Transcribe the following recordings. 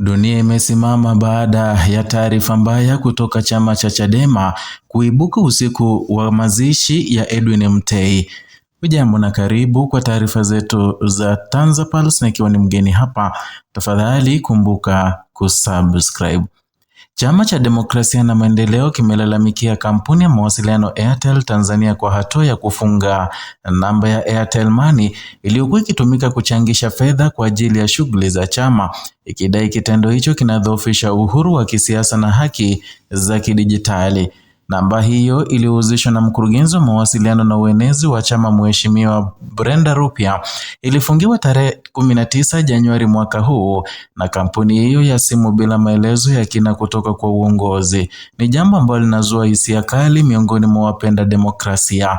Dunia imesimama baada ya taarifa mbaya kutoka chama cha Chadema kuibuka usiku wa mazishi ya Edwin Mtei. Hujambo na karibu kwa taarifa zetu za TanzaPulse, na ikiwa ni mgeni hapa, tafadhali kumbuka kusubscribe. Chama cha Demokrasia na Maendeleo kimelalamikia kampuni ya mawasiliano Airtel Tanzania kwa hatua ya kufunga namba ya Airtel Money iliyokuwa ikitumika kuchangisha fedha kwa ajili ya shughuli za chama, ikidai kitendo hicho kinadhoofisha uhuru wa kisiasa na haki za kidijitali. Namba hiyo iliyohusishwa na mkurugenzi wa mawasiliano na uenezi wa chama Mheshimiwa Brenda Rupia ilifungiwa tarehe 19 Januari mwaka huu na kampuni hiyo ya simu bila maelezo ya kina kutoka kwa uongozi. Ni jambo ambalo linazua hisia kali miongoni mwa wapenda demokrasia.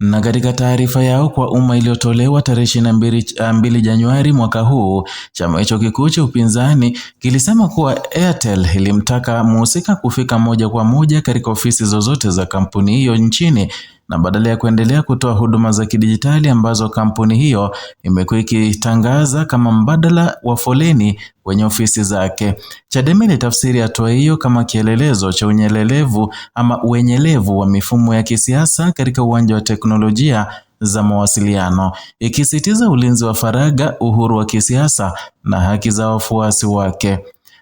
Na katika taarifa yao kwa umma iliyotolewa tarehe 22 ah, Januari mwaka huu, chama hicho kikuu cha upinzani kilisema kuwa Airtel ilimtaka mhusika kufika moja kwa moja katika ofisi zozote za kampuni hiyo nchini na badala ya kuendelea kutoa huduma za kidijitali ambazo kampuni hiyo imekuwa ikitangaza kama mbadala wa foleni kwenye ofisi zake. Chadema ilitafsiri hatua hiyo kama kielelezo cha unyelelevu ama uenyelevu wa mifumo ya kisiasa katika uwanja wa teknolojia za mawasiliano ikisisitiza ulinzi wa faragha, uhuru wa kisiasa na haki za wafuasi wake.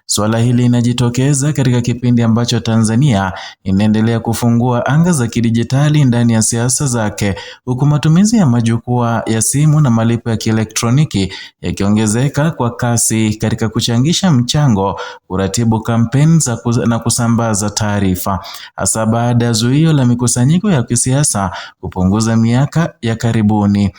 Suala hili linajitokeza katika kipindi ambacho Tanzania inaendelea kufungua anga za kidijitali ndani ya siasa zake, huku matumizi ya majukwaa ya simu na malipo ya kielektroniki yakiongezeka kwa kasi katika kuchangisha mchango, kuratibu kampeni na kusambaza taarifa, hasa baada ya zuio la mikusanyiko ya kisiasa kupunguza miaka ya karibuni.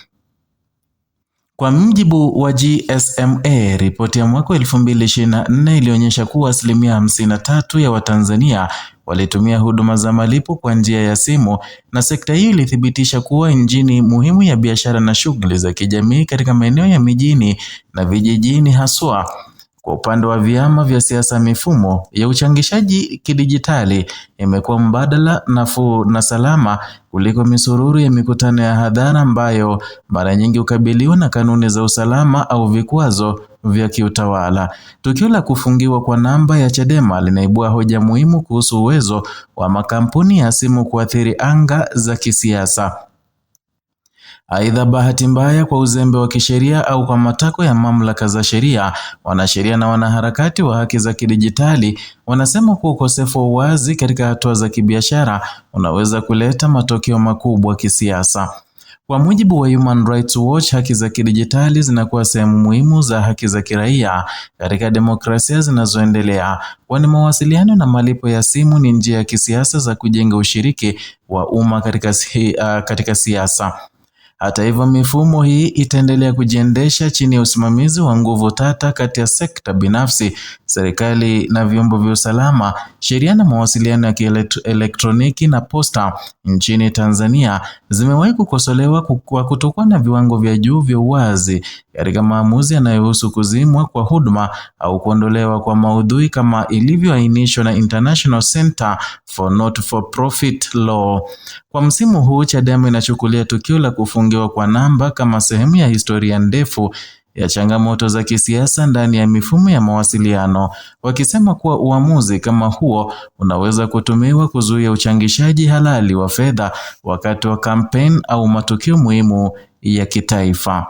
Kwa mjibu wa GSMA, ripoti ya mwaka 2024 ilionyesha kuwa asilimia 53 ya Watanzania walitumia huduma za malipo kwa njia ya simu, na sekta hiyo ilithibitisha kuwa injini muhimu ya biashara na shughuli za kijamii katika maeneo ya mijini na vijijini haswa. Kwa upande wa vyama vya siasa, mifumo ya uchangishaji kidijitali imekuwa mbadala, nafuu na salama kuliko misururu ya mikutano ya hadhara ambayo mara nyingi hukabiliwa na kanuni za usalama au vikwazo vya kiutawala. Tukio la kufungiwa kwa namba ya Chadema linaibua hoja muhimu kuhusu uwezo wa makampuni ya simu kuathiri anga za kisiasa. Aidha, bahati mbaya kwa uzembe wa kisheria au kwa matakwa ya mamlaka za sheria, wanasheria na wanaharakati wa haki za kidijitali wanasema kuwa ukosefu wa uwazi katika hatua za kibiashara unaweza kuleta matokeo makubwa kisiasa. Kwa mujibu wa Human Rights Watch, haki za kidijitali zinakuwa sehemu muhimu za haki za kiraia katika demokrasia zinazoendelea, kwani mawasiliano na malipo ya simu ni njia ya kisiasa za kujenga ushiriki wa umma katika, uh, katika siasa. Hata hivyo, mifumo hii itaendelea kujiendesha chini ya usimamizi wa nguvu tata kati ya sekta binafsi serikali na vyombo vya usalama, sheria na mawasiliano ya kielektroniki na posta nchini Tanzania zimewahi kukosolewa kwa kutokuwa na viwango vya juu vya uwazi katika maamuzi yanayohusu kuzimwa kwa huduma au kuondolewa kwa maudhui kama ilivyoainishwa na International Center for Not for Profit Law. Kwa msimu huu, Chadema inachukulia tukio la kufungiwa kwa namba kama sehemu ya historia ndefu ya changamoto za kisiasa ndani ya mifumo ya mawasiliano, wakisema kuwa uamuzi kama huo unaweza kutumiwa kuzuia uchangishaji halali wa fedha wakati wa kampeni au matukio muhimu ya kitaifa.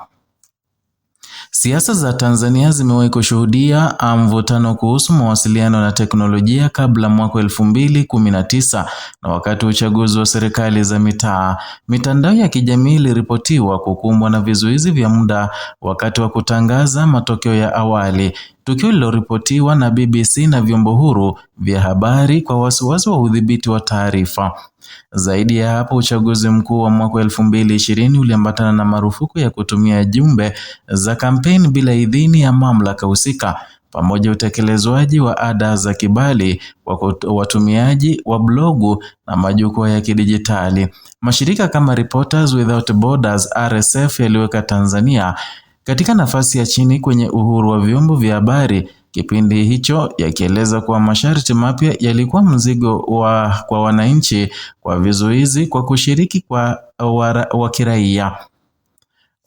Siasa za Tanzania zimewahi kushuhudia um, mvutano kuhusu mawasiliano na teknolojia kabla mwaka elfu mbili kumi na tisa na wakati wa uchaguzi wa serikali za mitaa. Mitandao ya kijamii iliripotiwa kukumbwa na vizuizi vya muda wakati wa kutangaza matokeo ya awali, tukio lililoripotiwa na BBC na vyombo huru vya habari kwa wasiwasi wa udhibiti wa taarifa. Zaidi ya hapo, uchaguzi mkuu wa mwaka elfu mbili ishirini uliambatana na marufuku ya kutumia jumbe za kampeni bila idhini ya mamlaka husika pamoja utekelezwaji wa ada za kibali kwa watumiaji wa blogu na majukwaa ya kidijitali. Mashirika kama Reporters Without Borders RSF yaliweka Tanzania katika nafasi ya chini kwenye uhuru wa vyombo vya habari Kipindi hicho yakieleza kuwa masharti mapya yalikuwa mzigo wa kwa wananchi kwa vizuizi kwa kushiriki kwa wa, wa kiraia.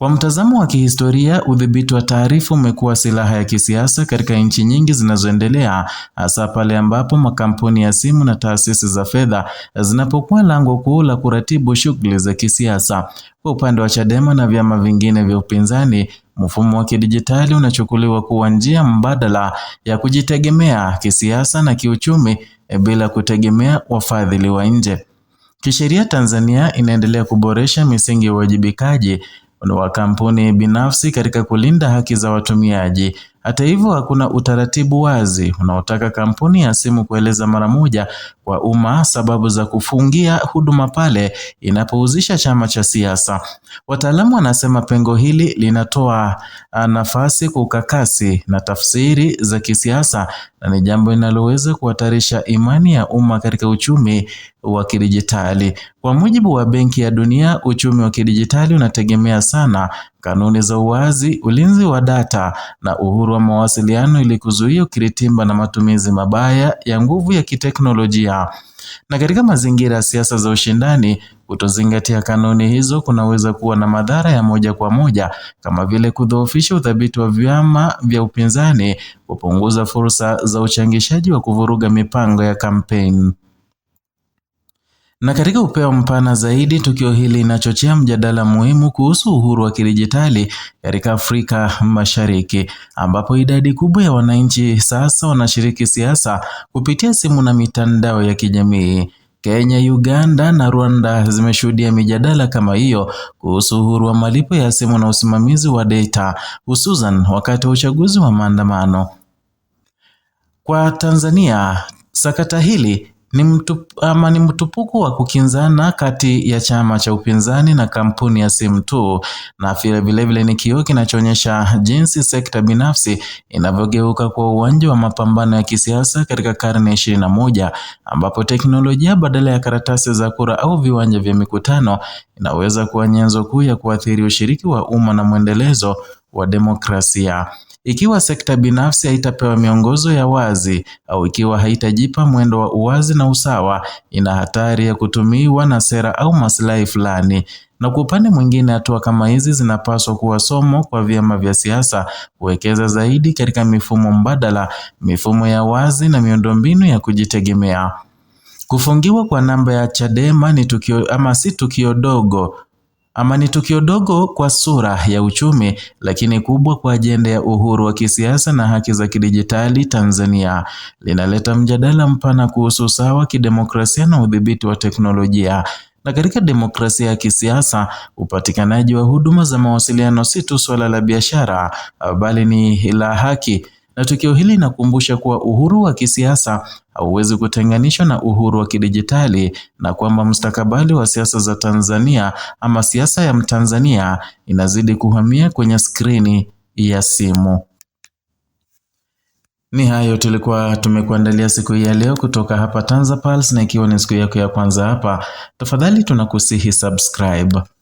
Kwa mtazamo wa kihistoria, udhibiti wa taarifa umekuwa silaha ya kisiasa katika nchi nyingi zinazoendelea, hasa pale ambapo makampuni ya simu na taasisi za fedha zinapokuwa lango kuu la kuratibu shughuli za kisiasa. Kwa upande wa Chadema na vyama vingine vya upinzani, mfumo wa kidijitali unachukuliwa kuwa njia mbadala ya kujitegemea kisiasa na kiuchumi eh, bila kutegemea wafadhili wa nje. Kisheria Tanzania inaendelea kuboresha misingi ya uwajibikaji wa kampuni binafsi katika kulinda haki za watumiaji. Hata hivyo, hakuna utaratibu wazi unaotaka kampuni ya simu kueleza mara moja wa umma sababu za kufungia huduma pale inapohusisha chama cha siasa. Wataalamu wanasema pengo hili linatoa ah, nafasi kwa ukakasi na tafsiri za kisiasa na ni jambo linaloweza kuhatarisha imani ya umma katika uchumi wa kidijitali. Kwa mujibu wa Benki ya Dunia, uchumi wa kidijitali unategemea sana kanuni za uwazi, ulinzi wa data na uhuru wa mawasiliano ili kuzuia ukiritimba na matumizi mabaya ya nguvu ya kiteknolojia sheria. Na katika mazingira ya siasa za ushindani, kutozingatia kanuni hizo kunaweza kuwa na madhara ya moja kwa moja kama vile kudhoofisha uthabiti wa vyama vya upinzani, kupunguza fursa za uchangishaji wa kuvuruga mipango ya kampeni. Na katika upeo mpana zaidi, tukio hili linachochea mjadala muhimu kuhusu uhuru wa kidijitali katika Afrika Mashariki, ambapo idadi kubwa ya wananchi sasa wanashiriki siasa kupitia simu na mitandao ya kijamii. Kenya, Uganda na Rwanda zimeshuhudia mijadala kama hiyo kuhusu uhuru wa malipo ya simu na usimamizi wa data, hususan wakati wa uchaguzi wa maandamano. Kwa Tanzania, sakata hili ni mtupuko wa kukinzana kati ya chama cha upinzani na kampuni ya SIM2 na vilevile ni kioo kinachoonyesha jinsi sekta binafsi inavyogeuka kwa uwanja wa mapambano ya kisiasa katika karne ya ishirini na moja ambapo teknolojia badala ya karatasi za kura au viwanja vya mikutano inaweza kuwa nyenzo kuu ya kuathiri ushiriki wa umma na mwendelezo wa demokrasia. Ikiwa sekta binafsi haitapewa miongozo ya wazi au ikiwa haitajipa mwendo wa uwazi na usawa, ina hatari ya kutumiwa na sera au maslahi fulani. Na kwa upande mwingine, hatua kama hizi zinapaswa kuwa somo kwa vyama vya siasa kuwekeza zaidi katika mifumo mbadala, mifumo ya wazi na miundombinu ya kujitegemea. Kufungiwa kwa namba ya Chadema ni tukio ama si tukio dogo ama ni tukio dogo kwa sura ya uchumi, lakini kubwa kwa ajenda ya uhuru wa kisiasa na haki za kidijitali Tanzania. Linaleta mjadala mpana kuhusu usawa wa kidemokrasia na udhibiti wa teknolojia na katika demokrasia ya kisiasa upatikanaji wa huduma za mawasiliano si tu suala la biashara, bali ni la haki. Na tukio hili linakumbusha kuwa uhuru wa kisiasa hauwezi kutenganishwa na uhuru wa kidijitali na kwamba mustakabali wa siasa za Tanzania ama siasa ya Mtanzania inazidi kuhamia kwenye skrini ya simu. Ni hayo tulikuwa tumekuandalia siku hii ya leo kutoka hapa TanzaPulse, na ikiwa ni siku yako ya kwanza hapa, tafadhali tunakusihi subscribe.